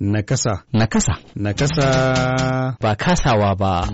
Nakasa. Nakasa. Nakasa. Ba kasawa ba.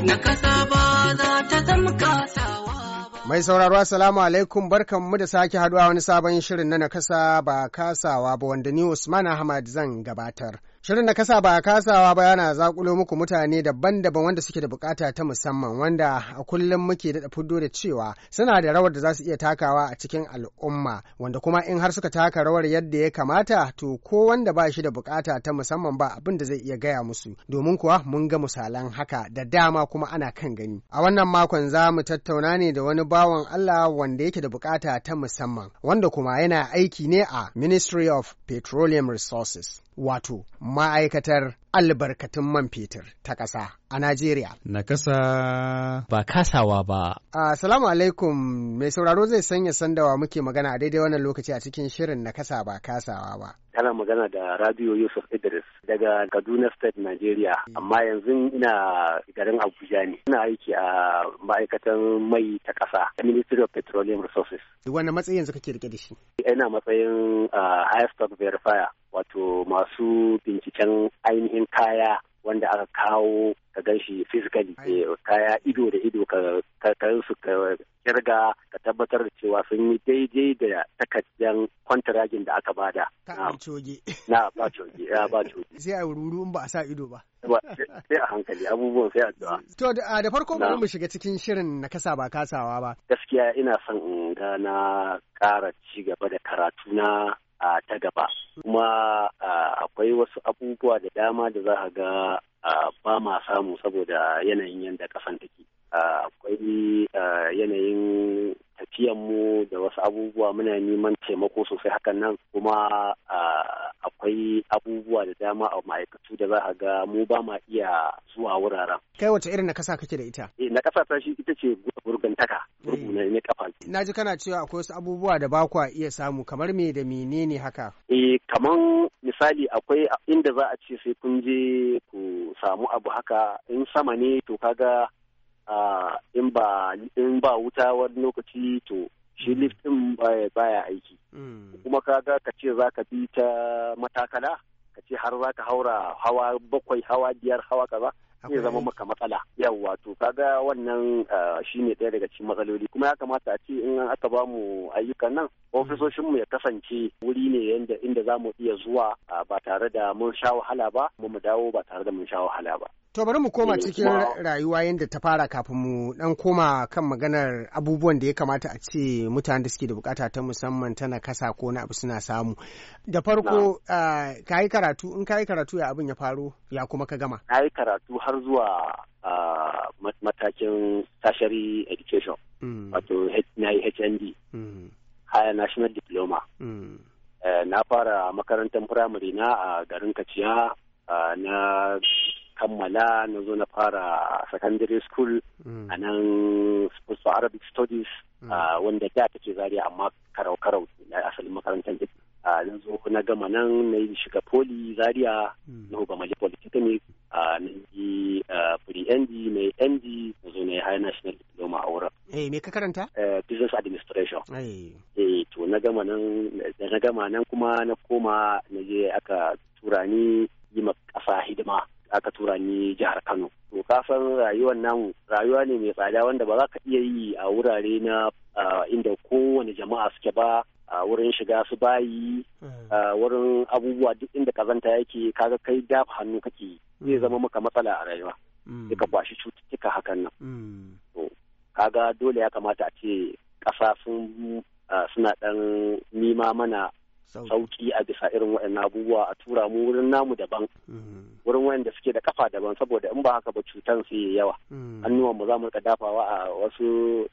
Nakasa ba za ta zama kasawa. ba. Mai sauraro Assalamu alaikum barkanmu da sake haduwa wani sabon shirin na nakasa ba kasawa ba wanda ni Usman Ahmad zan gabatar. Shirin nakasa, kasa ba kasawa ba yana zakulo muku mutane daban-daban wanda suke da bukata ta musamman wanda a kullum muke da fuddo da cewa suna da rawar da za su iya takawa a cikin al'umma wanda kuma in har suka taka rawar yadda ya kamata to ko wanda ba shi da bukata ta musamman ba abin da zai iya gaya musu domin kuwa mun ga misalan haka da dama kuma ana kan gani. A wannan makon za mu tattauna ne da wani bawan Allah wanda yake da bukata ta musamman wanda kuma yana aiki ne a Ministry of Petroleum Resources. wato ma'aikatar albarkatun man fetur ta ƙasa a Najeriya. Na kasa ba kasawa ba. Assalamu alaikum mai sauraro zai sanya sandawa muke magana a daidai wannan lokaci a cikin shirin na kasa ba kasawa ba. Kana magana da radio Yusuf Idris daga Kaduna State Najeriya mm. amma yanzu ina garin Abuja ne. Ina aiki a ma'aikatan mai ta ƙasa Ministry of Petroleum Resources. Wani matsayin yanzu kake rike shi? Ina matsayin ah, High Stock Verifier. wato masu binciken ainihin kaya wanda aka kawo ka gan shi physically eh, kaya ido da ido ka su ka kirga ka tabbatar da cewa sun yi daidai da takaddan kwantaragin da aka bada. Ka coge. Na ba coge, ya ba coge. Sai a ruru in ba a sa ido ba. Sai a hankali abubuwan sai a addu'a. To da farko bari mu shiga cikin shirin na kasa ba kasawa ba. Gaskiya ina son in ga na ƙara ci gaba da karatu na ta gaba kuma akwai wasu abubuwa da dama da za a ga ba ma samu saboda yanayin yadda kasan take Ah, akwai ah, yanayin tafiyanmu da wasu abubuwa muna neman taimako sosai hakan nan kuma ah, akwai abubuwa da dama a ma'aikatu da za a ga mu ba ma iya zuwa wuraren. Kai wace irin na kasa kake da ita? Eh na kasa ta shi ita ce gurgantaka, gurguna ne kafa. Eh, na ji kana cewa akwai wasu abubuwa da ba kwa iya samu kamar me da menene haka? Eh kaman misali akwai inda za a ce sai kun je ku samu abu haka in sama ne to kaga in ba in ba wuta wani lokaci to shi mm. lift baya aiki mm. kuma kaga ka ce za ka bi ta matakala ka ce har za ka haura hawa bakwai hawa biyar hawa kaza zai zama maka matsala Yau wato ka ga wannan shine ɗaya daga cikin matsaloli kuma ya kamata a ce in an aka ba mu ayyukan nan mm. Ofisoshinmu ya kasance wuri ne yanda inda za mu iya zuwa ba tare da mun sha wahala ba mu dawo ba tare da mun sha wahala ba To bari mu koma eh, cikin rayuwa yadda ta fara kafin mu dan koma kan maganar abubuwan da ya kamata a ce mutanen da suke da bukata ta musamman tana kasa ko na abu suna samu. Da farko ka yi karatu in ka yi karatu ya abin ya faro ya kuma ka gama. Na yi karatu har zuwa matakin tertiary education mm. wato na yi HND mm. higher national diploma. Mm. Eh, na fara makarantar primary na a garin Kaciya na kammala na zo na fara secondary school mm. a nan sports for arabic studies mm. wanda da ta ce zariya amma karau karau na asalin makarantar ita na zo na gama nan na yi shiga poli zaria mm. na uba mali polytechnic na yi pre-nd na yi nd na zo na yi high national diploma a wurin eh me ka karanta eh, business administration eh. eh to na gama nan na gama nan kuma na koma na je aka tura ni yi ma kasa hidima aka tura ni jihar Kano. To kasan rayuwar namu rayuwa ne mai tsada wanda ba za ka iya yi a wurare na inda kowane jama'a suke ba a wurin shiga su bayi a wurin abubuwa duk inda kazanta yake kaga kai daf hannu kake zai zama maka matsala a rayuwa. Mm. Duka kwashi cututtuka hakan nan. Mm. To kaga dole ya kamata a ce ƙasa sun suna ɗan nima mana sauki a bisa irin waɗannan abubuwa a tura mu wurin namu daban mm. wurin wayanda suke da kafa daban saboda in ba haka ba cutan su yi yawa hmm. hannuwan mu za mu rika dafawa a wasu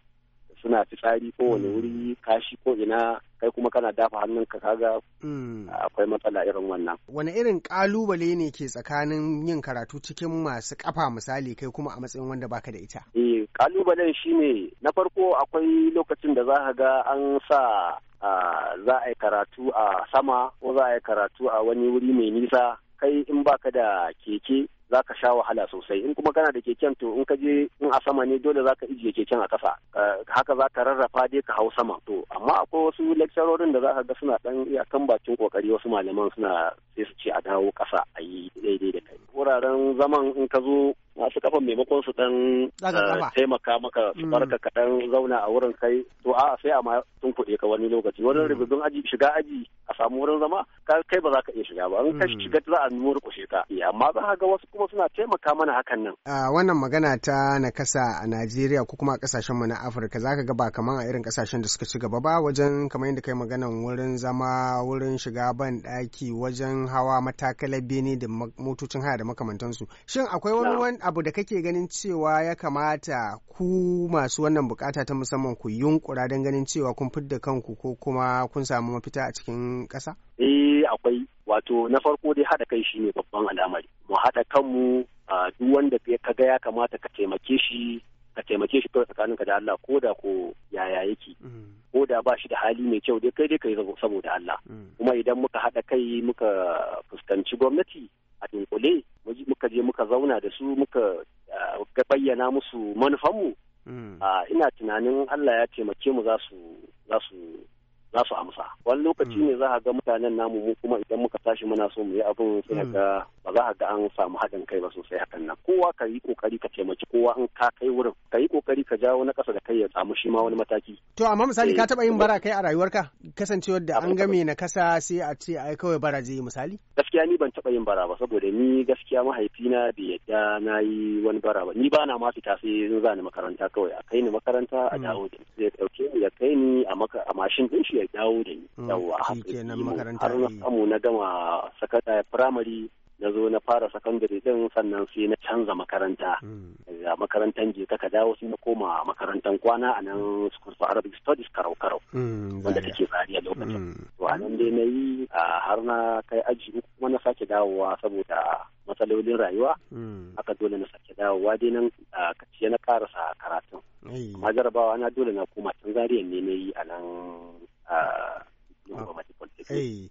suna fitsari ko wani hmm. wuri kashi ko ina kai kuma kana dafa hannun ka kaga hmm. akwai matsala irin wannan wani irin kalubale ne ke tsakanin yin karatu cikin masu kafa misali kai kuma a matsayin wanda baka da ita eh kalubalen shine na farko akwai lokacin da za ka ga an sa ah, za a yi karatu a sama ko za a yi karatu a wani wuri mai nisa kai in baka da keke za ka sha wahala sosai in kuma kana da keken to in ka je in a sama ne dole za ka ijiye keken a kasa eh, haka za ka rarrafa dai ka hau sama to amma akwai wasu lecturerin da za ka ga suna dan iyakan bakin kokari wasu malaman suna sai su ce a dawo kasa a yi daidai da kai wuraren zaman in ka zo masu kafa maimakon su dan eh, taimaka maka su mm. barka ka zauna a wurin kai to a'a sai a ma sun kuɗe ka wani lokaci wani mm. rubutun aji shiga aji a samu wurin zama ka kai ba za ka iya shiga ba in ka mm. shiga za a nuna rikushe ka eh, amma za ka ga wasu kuma suna taimaka mana hakan nan a wannan magana ta nakasa a Najeriya ko kuma a kasashen mu na Afirka zaka ga ba kamar a irin kasashen da suka ci gaba ba wajen kamar yadda kai maganan wurin zama wurin shiga ban ɗaki wajen hawa matakala bene da motocin haya da makamantansu shin akwai wani abu da kake ganin cewa ya kamata ku masu wannan bukata ta musamman ku yunkura don ganin cewa kun fidda kanku ko kuma kun samu mafita a cikin ƙasa? Eh akwai wato na farko dai haɗa kai shine babban al'amari mu haɗa kanmu duk wanda ka ga ya kamata ka taimake shi ka taimake shi kawai tsakaninka da Allah ko da ko yaya yake mm. ko da ba shi da hali mai kyau dai kai dai ka kai saboda Allah mm. kuma idan muka haɗa kai muka fuskanci gwamnati a dunkule muka je muka zauna da su muka bayyana musu manufanmu hmm. ina tunanin Allah ya taimake mu za su za su amsa wani lokaci ne za a ga mutanen namu mu kuma idan muka tashi muna so mu yi abin sai ga ba za a ga an samu haɗin kai ba sosai hakan nan kowa ka yi kokari ka taimaki kowa in ka kai wurin ka yi kokari ka jawo na ƙasa da kai ya samu shi ma wani mataki to amma misali ka eh. taɓa yin bara kai a rayuwarka kasancewar da an game na kasa sai a ce ai kawai bara zai misali gaskiya ni ban taɓa yin bara ba saboda ni gaskiya mahaifina bai yadda na yi wani bara ba ni ba na ma fita sai in za ni makaranta kawai a kai ni makaranta a mm. dawo zai ɗauke ni ya kai ni a mashin ɗin shi ya ya dawo da ni mm, yawa har na samu na gama sakata firamare na zo na fara sakandare din sannan sai na canza makaranta mm. daga makarantan je ka dawo sai na koma makarantan kwana a nan school for arabic studies karau karau mm, wanda take tsari a lokacin to a nan dai na yi har na kai aji uku kuma na sake dawowa saboda matsalolin rayuwa Aka dole na sake dawowa dai nan ce na karasa karatun amma jarabawa na dole na koma can zariyan ne na yi a nan yawa mace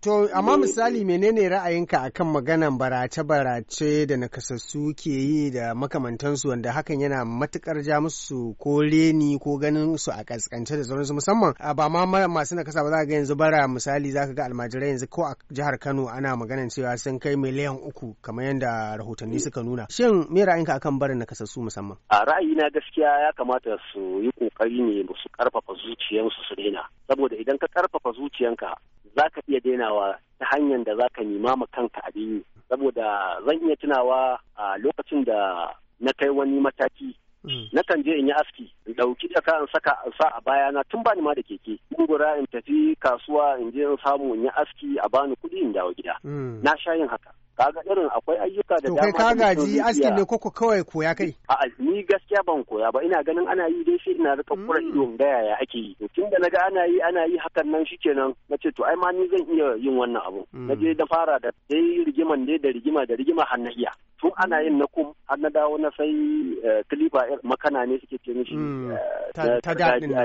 To, amma misali menene ra'ayinka akan maganan barace-barace da nakasassu ke yi da makamantansu wanda hakan yana matukar ja musu ko reni ko ganin su a kaskance da sauransu musamman ba ma masu nakasa ba za ga yanzu bara misali za ka ga almajirai yanzu ko a jihar Kano ana maganan cewa sun kai miliyan uku kamar yadda rahotanni suka nuna. Shin me ra'ayinka akan barin nakasassu musamman? A ra'ayina gaskiya ya kamata su yi kokari ne su karfafa zuciyarsu su daina saboda idan ka karfafa zuciyarka. za ka iya dainawa ta hanyar da za ka nima ma kanka a yi saboda zan iya tunawa a lokacin da na kai wani mataki hmm. na kan je in yi aski in ɗauki jaka in saka in sa a bayana tun bani ma da keke gura in tafi kasuwa in je in samu in yi aski a bani kuɗi in dawo gida hmm. na sha yin haka kaga irin akwai ayyuka da dama. kai ka gaji askin ne koko kawai koya kai. A ni gaskiya ban koya ba ina ganin ana yi dai shi ina rika kura mm. ido ga yaya ake yi. tun da naga ana yi ana yi hakan nan shikenan na ce to ai ma ni zan iya yin wannan abu. Mm. Na je da fara da dai rigiman ne da rigima da rigima har na iya. tun ana yin na kum har na dawo na sai kiliba eh, makana ne suke ce mishi mm, eh, ta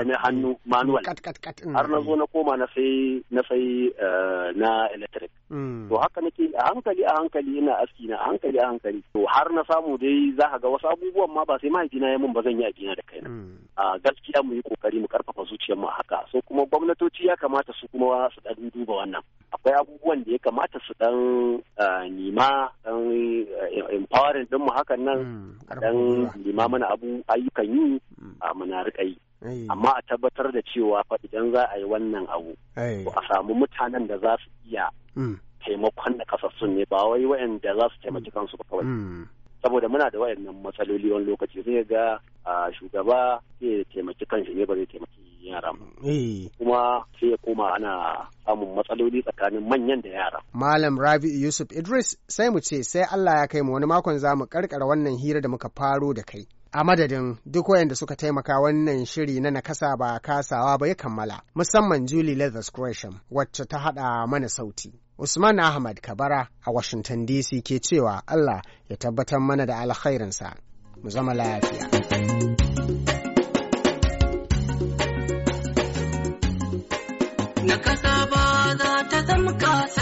na hannu manual mm. har na zo na koma na sai na sai eh, na electric mm. to haka nake a hankali a hankali ina aski na a hankali a hankali to har na samu dai za ka ga wasu abubuwan ma ba sai ma mahaifina ya mun ba zan yi a gina da kaina a gaskiya mu yi kokari mu karfafa zuciyar mu haka so kuma gwamnatoci ya kamata su kuma su ɗan duba wannan akwai abubuwan da ya kamata su dan nima dan empowering din mu hakan nan hmm, dan nima mana abu ayyukan yi hmm. a muna rika yi amma a tabbatar da cewa fa idan za a yi wannan abu a samu mutanen da za su iya hmm. taimakon da kasassun ne ba wai da za su taimaki kansu ba kawai saboda muna da wayannan matsaloli wani lokaci zai ga shugaba zai taimaki kansa ne ba zai taimaki cikin yara eh. kuma sai ya koma ana samun matsaloli tsakanin manyan da yara malam rabi'u yusuf idris sai mu ce sai allah ya kai mu wani makon za mu karkara wannan hira da muka faro da kai a madadin duk wayanda suka taimaka wannan shiri na nakasa ba kasawa ba ya kammala musamman Julie Leathers Gresham wacce ta hada mana sauti. Usman Ahmad Kabara a Washington DC ke cewa Allah ya tabbatar mana da alkhairinsa. Mu zama lafiya. na kasa ba za ta zama kasa